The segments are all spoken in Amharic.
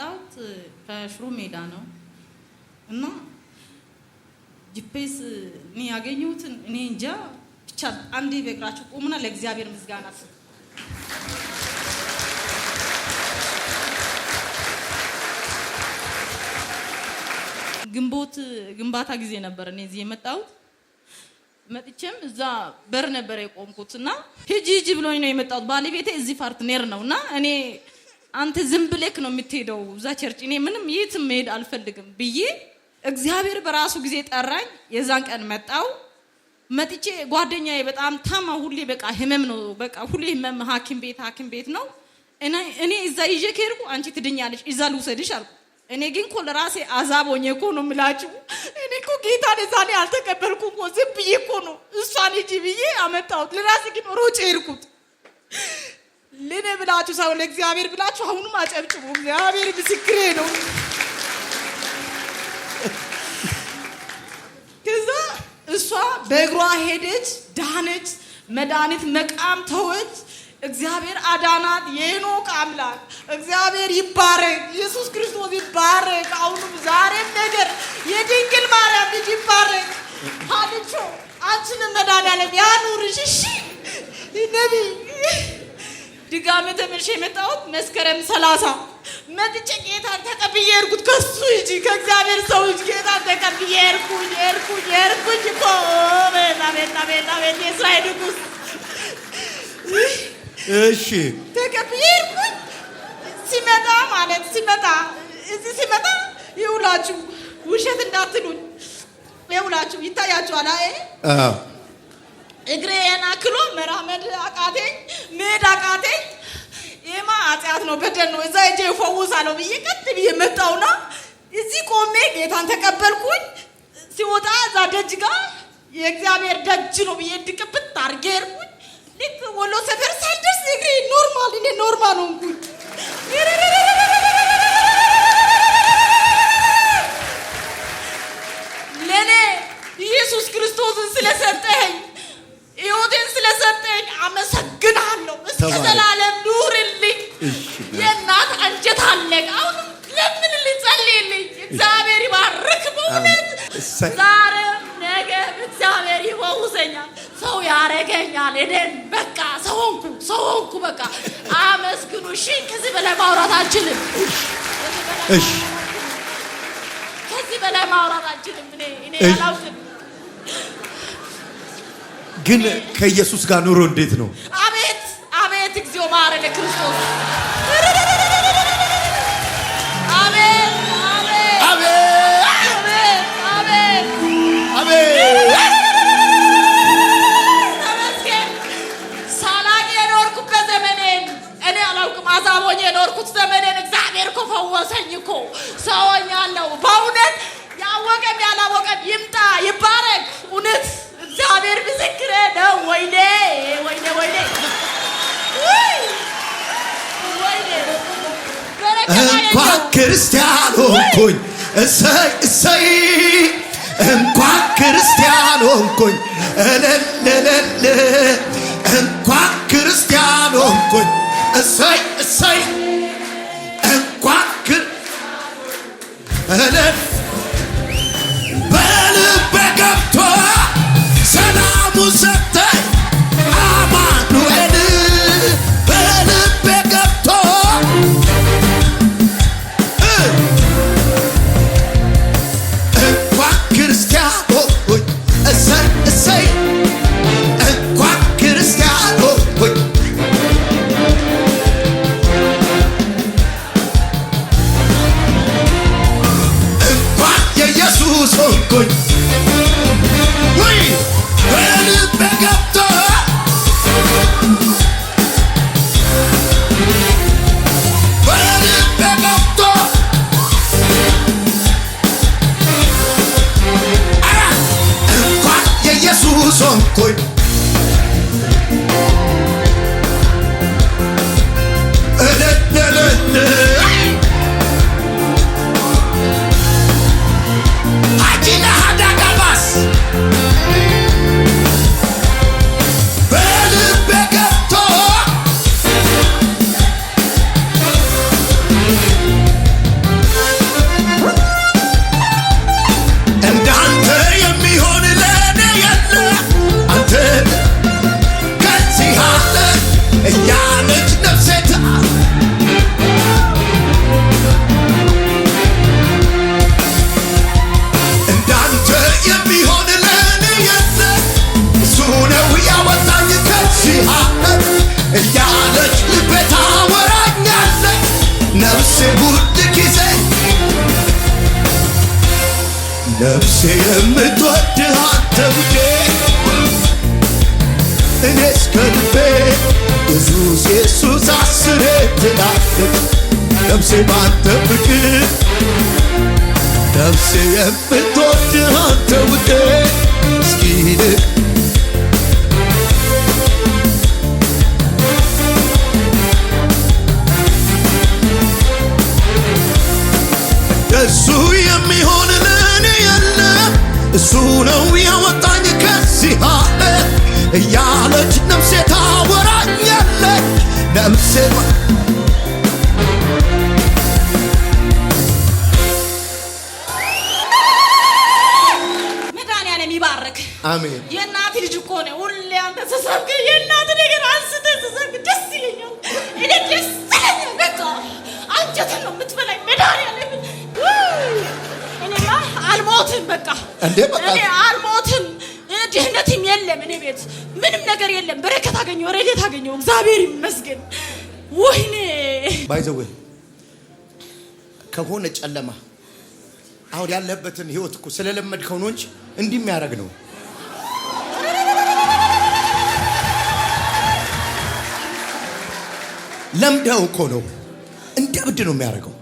የመጣሁት ከሽሮ ሜዳ ነው እና ጂፔስ እኔ ያገኘሁትን እኔ እንጃ ብቻ አንዴ በእግራችሁ ቆሙና ለእግዚአብሔር ምስጋና ስ ግንቦት ግንባታ ጊዜ ነበር እኔ እዚህ የመጣሁት። መጥቼም እዛ በር ነበር የቆምኩት እና ሂጂ ሂጂ ብሎኝ ነው የመጣሁት። ባለቤቴ እዚህ ፓርትኔር ነው እና እኔ አንተ ዝም ብለክ ነው የምትሄደው እዛ ቸርች፣ እኔ ምንም የትም መሄድ አልፈልግም ብዬ እግዚአብሔር በራሱ ጊዜ ጠራኝ። የዛን ቀን መጣው መጥቼ ጓደኛዬ በጣም ታማ፣ ሁሌ በቃ ህመም ነው በቃ ሁሌ ህመም፣ ሐኪም ቤት ሐኪም ቤት ነው። እኔ እዛ ይዤ ከሄድኩ አንቺ ትድኛለች እዛ ልውሰድሽ አልኩ። እኔ ግን እኮ ለራሴ አዛቦኝ እኮ ነው የምላችሁ። እኔ እኮ ጌታን ዛኔ አልተቀበልኩም እኮ ዝም ብዬ እኮ ነው እሷን ሂጂ ብዬ አመጣሁት። ለራሴ ግን ሮጬ ሄድኩት። ለእኔ ብላችሁ ሳይሆን ለእግዚአብሔር ብላችሁ አሁንም አጨብጭቡ። እግዚአብሔር ምስክሬ ነው። ከዛ እሷ በእግሯ ሄደች፣ ዳነች፣ መድኃኒት መቃም ተወች። እግዚአብሔር አዳናት። የኖቅ አምላክ እግዚአብሔር ይባረክ። ኢየሱስ ክርስቶስ ይባረክ። አሁንም ዛሬም ነገር የድንግል ማርያም ልጅ ይባረክ። ሀልቾ አንቺንም መድኃኒዓለም ያኑርሽ። እሺ ነቢይ ድጋሜ ተመልሼ የመጣሁት መስከረም ሰላሳ መጥቼ ጌታን ተቀብዬ እርኩት ከሱ እጅ ከእግዚአብሔር ሰው እጅ ጌታን ተቀብዬ ሄድኩኝ ሄድኩኝ ሄድኩኝ እኮ ቤታቤታቤታቤት የእስራኤል እሺ፣ ተቀብዬ ሲመጣ ማለት ሲመጣ እዚህ ሲመጣ ይውላችሁ፣ ውሸት እንዳትሉኝ ይውላችሁ፣ ይታያችኋል። አይ እግሬን አክሎ መራመድ አቃቴኝ፣ መሄድ አቃቴኝ። ይህማ አጽያት ነው፣ በደል ነው። እዛ እጄ ይፈውሳለሁ ብዬ ቀጥ ብዬ መጣውና እዚህ ቆሜ ጌታን ተቀበልኩኝ። ሲወጣ እዛ ደጅ ጋር የእግዚአብሔር ደጅ ነው ብዬ ድቅብት አድርጌ ሄድኩኝ። ልክ ወሎ ሰፈር ሳልደርስ እግሬ ኖርማል፣ እኔ ኖርማል ሆንኩኝ። ለእኔ ኢየሱስ ክርስቶስን ስለሰጠኸኝ ስለሰጠኝ አመሰግናለሁ። እስከ ዘላለም ኑርልኝ። የእናት አንጀት አለቅ። አሁንም ለምን ልጸልይልኝ? እግዚአብሔር ይባርክ። በእውነት ዛሬም ነገ እግዚአብሔር ይፈውሰኛል። ሰው ያረገኛል። እኔን በቃ ሰው ሆንኩ፣ ሰው ሆንኩ። በቃ አመስግኑ። እሺ፣ ከዚህ በላይ ማውራት አልችልም። ከዚህ በላይ ማውራት አልችልም። እኔ እኔ አላውቅም ግን ከኢየሱስ ጋር ኑሮ እንዴት ነው? አቤት አቤት፣ እግዚኦ መሐረነ ክርስቶስ የኖርኩት ዘመኔን እግዚአብሔር እኮ ፈወሰኝ እኮ ሰውኛለሁ። በእውነት ያወቀም ያላወቀም ይምጣ ይባረግ። እውነት እግዚአብሔር ምስክሬ ነው። ወይኔ ወይኔ ወይኔ እንኳን ክርስቲያን ሆንኩኝ እሰይ እሰይ እንኳን ክርስቲያን ሆንኩኝ እልልልል እንኳን ክርስቲያን ሆንኩኝ እሰይ እሰይ እንኳን ነፍሴ የምትወድህ አንተ ብቻ እኔ እስከ ብዙ ኢየሱስ አስሬ ትናፍቅ ነፍሴ ባንተ ፍቅር ነፍሴ የምትወድህ አንተ ውዴ እስኪ ልክ እሱ ነው ያወጣኝ ከዚህ አለት እያለች ነፍሴ ታወራኛለች ነፍሴ ይባርክ አሜን። የእናት ልጅ እኮ ነው። ሁሌ አንተ ተሰብክ የእናት ነገር አንስተ ተሰብክ ደስ ይለኛል። እኔ ደስ ይለኛል። በቃ አንጀት ነው የምትበላኝ አልሞትም። በቃ እንዴ በቃ እኔ አልሞትም። ድህነትም የለም እኔ ቤት ምንም ነገር የለም። በረከት አገኘው፣ ረድኤት አገኘው። እግዚአብሔር ይመስገን። ወይኔ ባይዘዌ ከሆነ ጨለማ አሁን ያለህበትን ህይወት እኮ ስለለመድከው ነው እንጂ እንዲህ የሚያደርግ ነው ለምደው እኮ ነው። እንደ ብድ ነው የሚያደርገው።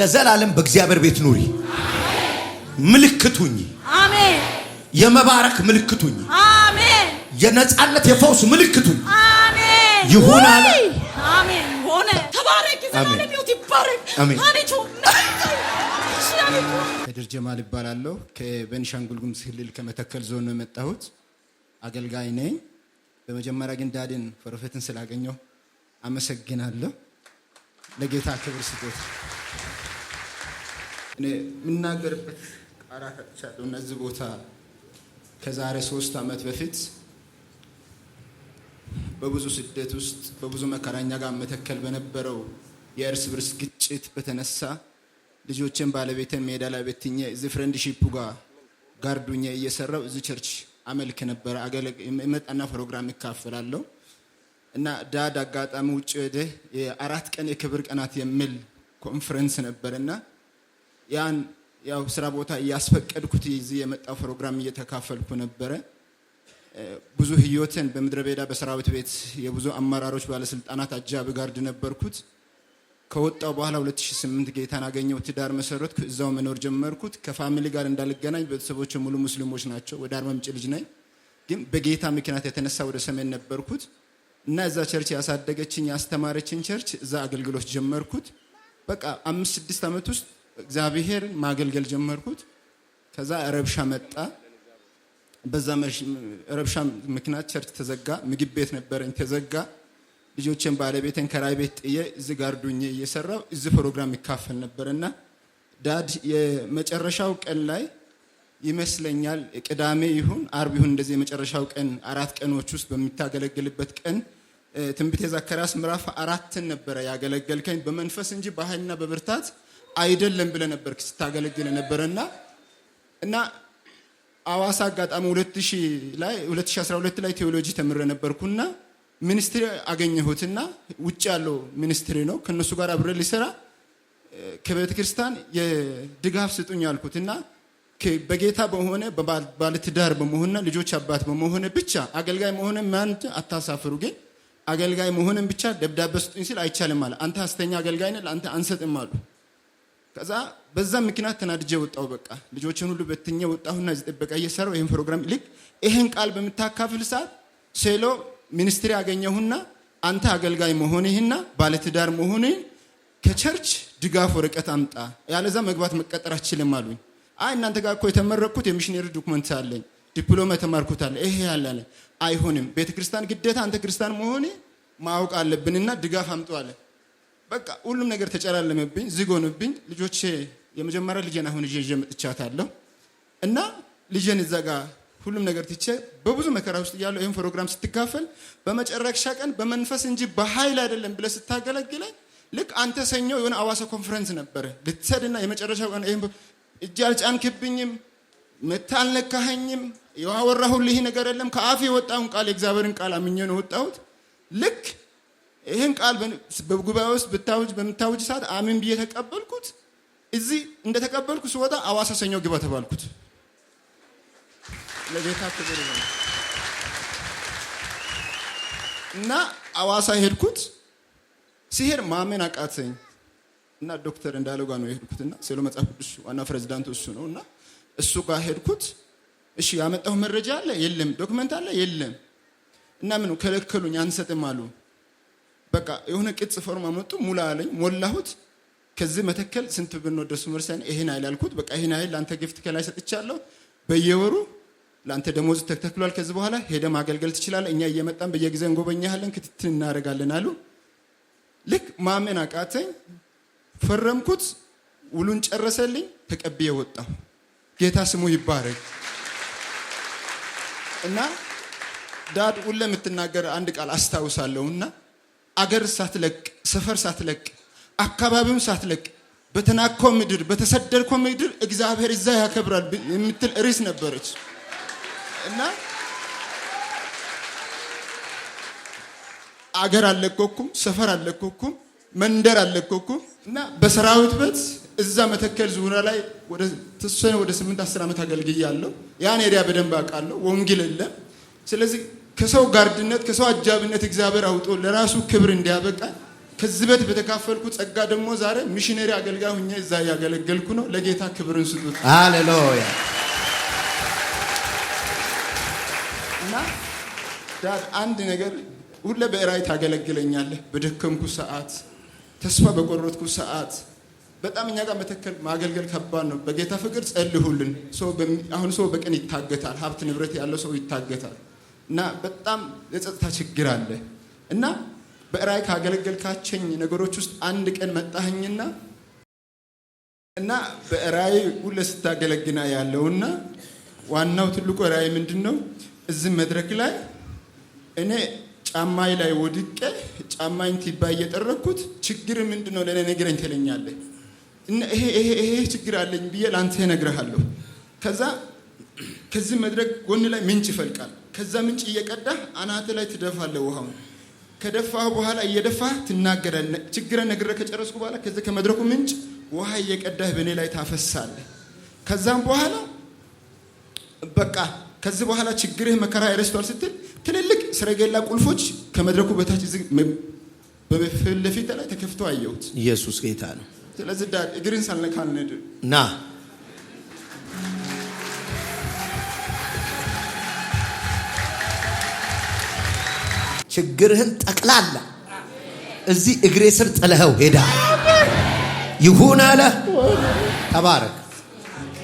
ለዘላለም በእግዚአብሔር ቤት ኑሪ። ምልክቱኝ፣ አሜን። የመባረክ ምልክቱኝ፣ አሜን። የነጻነት የፈውስ ምልክቱኝ፣ አሜን። ይሁን አለ። አሜን ሆነ። ተባረክ። ዘላለም ሕይወት ይባረክ። አሜን። ከድር ጀማል እባላለሁ። ከቤኒሻንጉል ጉሙዝ ክልል ከመተከል ዞን ነው የመጣሁት። አገልጋይ ነኝ። በመጀመሪያ ግን ዳድን ፕሮፌትን ስላገኘው አመሰግናለሁ። ለጌታ ክብር ስጦታ እኔ የምናገርበት አራ ከጥቻለሁ። እነዚህ ቦታ ከዛሬ ሶስት ዓመት በፊት በብዙ ስደት ውስጥ በብዙ መከራኛ ጋር መተከል በነበረው የእርስ ብርስ ግጭት በተነሳ ልጆችን ባለቤትን ሜዳ ላይ በትኜ እዚህ ፍሬንድሺፕ ጋር ጋርዱኛ እየሰራው እዚህ ቸርች አመልክ ነበረ መጣና ፕሮግራም ይካፈላለሁ እና ዳድ አጋጣሚ ውጭ ወደ የአራት ቀን የክብር ቀናት የሚል ኮንፈረንስ ነበር እና ያን ያው ስራ ቦታ እያስፈቀድኩት እዚህ የመጣው ፕሮግራም እየተካፈልኩ ነበረ። ብዙ ህይወትን በምድረ በዳ በሰራዊት ቤት የብዙ አመራሮች፣ ባለስልጣናት አጃብ ጋርድ ነበርኩት። ከወጣው በኋላ 2008 ጌታን አገኘው፣ ትዳር መሰረትኩ፣ እዛው መኖር ጀመርኩት። ከፋሚሊ ጋር እንዳልገናኝ ቤተሰቦች ሙሉ ሙስሊሞች ናቸው። ወደ አርባ ልጅ ነኝ፣ ግን በጌታ ምክንያት የተነሳ ወደ ሰሜን ነበርኩት እና እዛ ቸርች ያሳደገችኝ ያስተማረችኝ ቸርች እዛ አገልግሎት ጀመርኩት። በቃ አምስት ስድስት ዓመት ውስጥ እግዚአብሔር ማገልገል ጀመርኩት። ከዛ ረብሻ መጣ። በዛ ረብሻ ምክንያት ቸርች ተዘጋ። ምግብ ቤት ነበረኝ ተዘጋ። ልጆችን ባለቤትን ከራይ ቤት ጥዬ እዚ ጋር ዱኜ እየሰራው እዚ ፕሮግራም ይካፈል ነበር እና ዳድ የመጨረሻው ቀን ላይ ይመስለኛል ቅዳሜ ይሁን አርብ ይሁን እንደዚህ የመጨረሻው ቀን አራት ቀኖች ውስጥ በሚታገለግልበት ቀን ትንቢተ ዘካርያስ ምዕራፍ አራትን ነበረ ያገለገልከኝ በመንፈስ እንጂ በኃይልና በብርታት አይደለም ብለ ነበር ስታገለግል ነበረ እና እና አዋሳ አጋጣሚ 2012 ላይ ቴዎሎጂ ተምረ ነበርኩና ሚኒስትሪ አገኘሁትና ውጭ ያለው ሚኒስትሪ ነው። ከነሱ ጋር አብረ ሊሰራ ከቤተ ክርስቲያን የድጋፍ ስጡኝ አልኩት እና በጌታ በሆነ ባለትዳር በመሆንና ልጆች አባት በመሆነ ብቻ አገልጋይ መሆነ ማንድ አታሳፍሩ፣ ግን አገልጋይ መሆንን ብቻ ደብዳቤ ስጡኝ ሲል አይቻልም አለ። አንተ አስተኛ አገልጋይ ነ አንተ አንሰጥም አሉ። ከዛ በዛ ምክንያት ተናድጄ ወጣሁ። በቃ ልጆችን ሁሉ በትኜ ወጣሁና እዚህ ጥበቃ እየሰራሁ ይህን ፕሮግራም ልክ ይህን ቃል በምታካፍል ሰዓት ሴሎ ሚኒስትሪ አገኘሁና አንተ አገልጋይ መሆንህና ባለትዳር መሆንህ ከቸርች ድጋፍ ወረቀት አምጣ፣ ያለዛ መግባት መቀጠር አችልም አሉኝ። አይ እናንተ ጋር እኮ የተመረኩት የሚሽነሪ ዶክመንት አለኝ፣ ዲፕሎማ የተማርኩት አለ፣ ይሄ ያለ አይሆንም። ቤተክርስቲያን ግዴታ አንተ ክርስቲያን መሆን ማወቅ አለብንና ድጋፍ አምጡ አለ። በቃ ሁሉም ነገር ተጨላለመብኝ፣ ዝግ ሆንብኝ። ልጆቼ የመጀመሪያ ልጄን አሁን ይዤ መጥቻታለሁ እና ልጄን እዛ ጋር ሁሉም ነገር ትቼ በብዙ መከራ ውስጥ እያለሁ ይህን ፕሮግራም ስትካፈል በመጨረሻ ቀን በመንፈስ እንጂ በኃይል አይደለም ብለህ ስታገለግለ ልክ አንተ ሰኞ የሆነ አዋሳ ኮንፈረንስ ነበረ ልትሰድ ልትሰድና የመጨረሻ ቀን እጅ አልጫንክብኝም፣ ምታ አልነካኸኝም፣ ያወራሁልህ ነገር የለም ከአፍ የወጣውን ቃል የእግዚአብሔርን ቃል አምኜ ነው ወጣሁት ልክ ይህን ቃል በጉባኤ ውስጥ ብታውጅ በምታውጅ ሰዓት አሜን ብዬ ተቀበልኩት። እዚህ እንደተቀበልኩ ስወጣ አዋሳ ሰኞ ግባ ተባልኩት። ለቤታ ክብር እና አዋሳ ሄድኩት። ሲሄድ ማመን አቃተኝ እና ዶክተር እንዳለው ጋር ነው የሄድኩት እና ሴሎ መጽሐፍ ቅዱስ ዋና ፕሬዚዳንቱ እሱ ነው እና እሱ ጋር ሄድኩት። እሺ ያመጣሁ መረጃ አለ የለም፣ ዶክመንት አለ የለም እና ምን ከለከሉኝ፣ አንሰጥም አሉ በቃ የሆነ ቅጽ ፎርማ መጡ ሙላ አለኝ፣ ሞላሁት። ከዚህ መተከል ስንት ብንወደሱ መርሰን ይሄን አይል አልኩት። በቃ ይሄን አይል ለአንተ ግፍት ከላይ ሰጥቻለሁ። በየወሩ ለአንተ ደሞዝ ተተክሏል። ከዚህ በኋላ ሄደ ማገልገል ትችላለ እኛ እየመጣን በየጊዜ እንጎበኛለን፣ ክትትል እናደርጋለን አሉ። ልክ ማመን አቃተኝ። ፈረምኩት። ውሉን ጨረሰልኝ። ተቀብየ ወጣሁ። ጌታ ስሙ ይባረግ እና ዳድ ውን ለምትናገር አንድ ቃል እና አገር ሳትለቅ ሰፈር ሳትለቅ አካባቢውን ሳትለቅ በተናኮ ምድር በተሰደድኮ ምድር እግዚአብሔር እዛ ያከብራል የምትል ርዕስ ነበረች እና አገር አለኮኩም ሰፈር አለኮኩም መንደር አለኮኩም እና በሰራዊት ቤት እዛ መተከል ዙሪያ ላይ ተወሰነ ወደ ስምንት አስር ዓመት አገልግያለሁ። ያን ኤሪያ በደንብ አውቃለሁ። ወንጌል የለም። ስለዚህ ከሰው ጋርድነት ከሰው አጃብነት እግዚአብሔር አውጦ ለራሱ ክብር እንዲያበቃ ከዝበት በተካፈልኩ ጸጋ ደግሞ ዛሬ ሚሽነሪ አገልጋይ ሁኜ እዛ እያገለገልኩ ነው። ለጌታ ክብርን ስጡት። አሌሉያ። እና ዳድ አንድ ነገር ሁሌ በእራይ ታገለግለኛለህ። በደከምኩ ሰዓት፣ ተስፋ በቆረጥኩ ሰዓት በጣም እኛ ጋር መተከል ማገልገል ከባድ ነው። በጌታ ፍቅር ጸልሁልን። አሁን ሰው በቀን ይታገታል። ሀብት ንብረት ያለው ሰው ይታገታል። እና በጣም የጸጥታ ችግር አለ እና በራይ ካገለገልካቸኝ ነገሮች ውስጥ አንድ ቀን መጣህኝና እና በራእይ ሁለ ስታገለግና ያለውና ዋናው ትልቁ ራይ ምንድን ነው? እዚህ መድረክ ላይ እኔ ጫማይ ላይ ወድቄ ጫማኝ ቲባ እየጠረኩት ችግር ምንድን ነው ለእኔ ነግረኝ ትለኛለህ። ይሄ ችግር አለኝ ብዬ ለአንተ ነግረሃለሁ። ከዛ ከዚህ መድረክ ጎን ላይ ምንጭ ይፈልቃል። ከዛ ምንጭ እየቀዳ አናት ላይ ትደፋለ ውሃው። ከደፋ በኋላ እየደፋ ትናገረ ችግረ ነግረ ከጨረስኩ በኋላ ከዚ ከመድረኩ ምንጭ ውሃ እየቀዳህ በእኔ ላይ ታፈሳለ ከዛም በኋላ በቃ ከዚህ በኋላ ችግርህ መከራ ይረስቷል ስትል ትልልቅ ስረገላ ቁልፎች ከመድረኩ በታች በፊት ለፊት ላይ ተከፍቶ አየሁት። ኢየሱስ ጌታ ነው። ስለዚህ ዳር እግርን ሳልነካልነድ ና ችግርህን ጠቅላላ እዚህ እግሬ ስር ጥለኸው ሄዳል። ይሁን አለ። ተባረክ።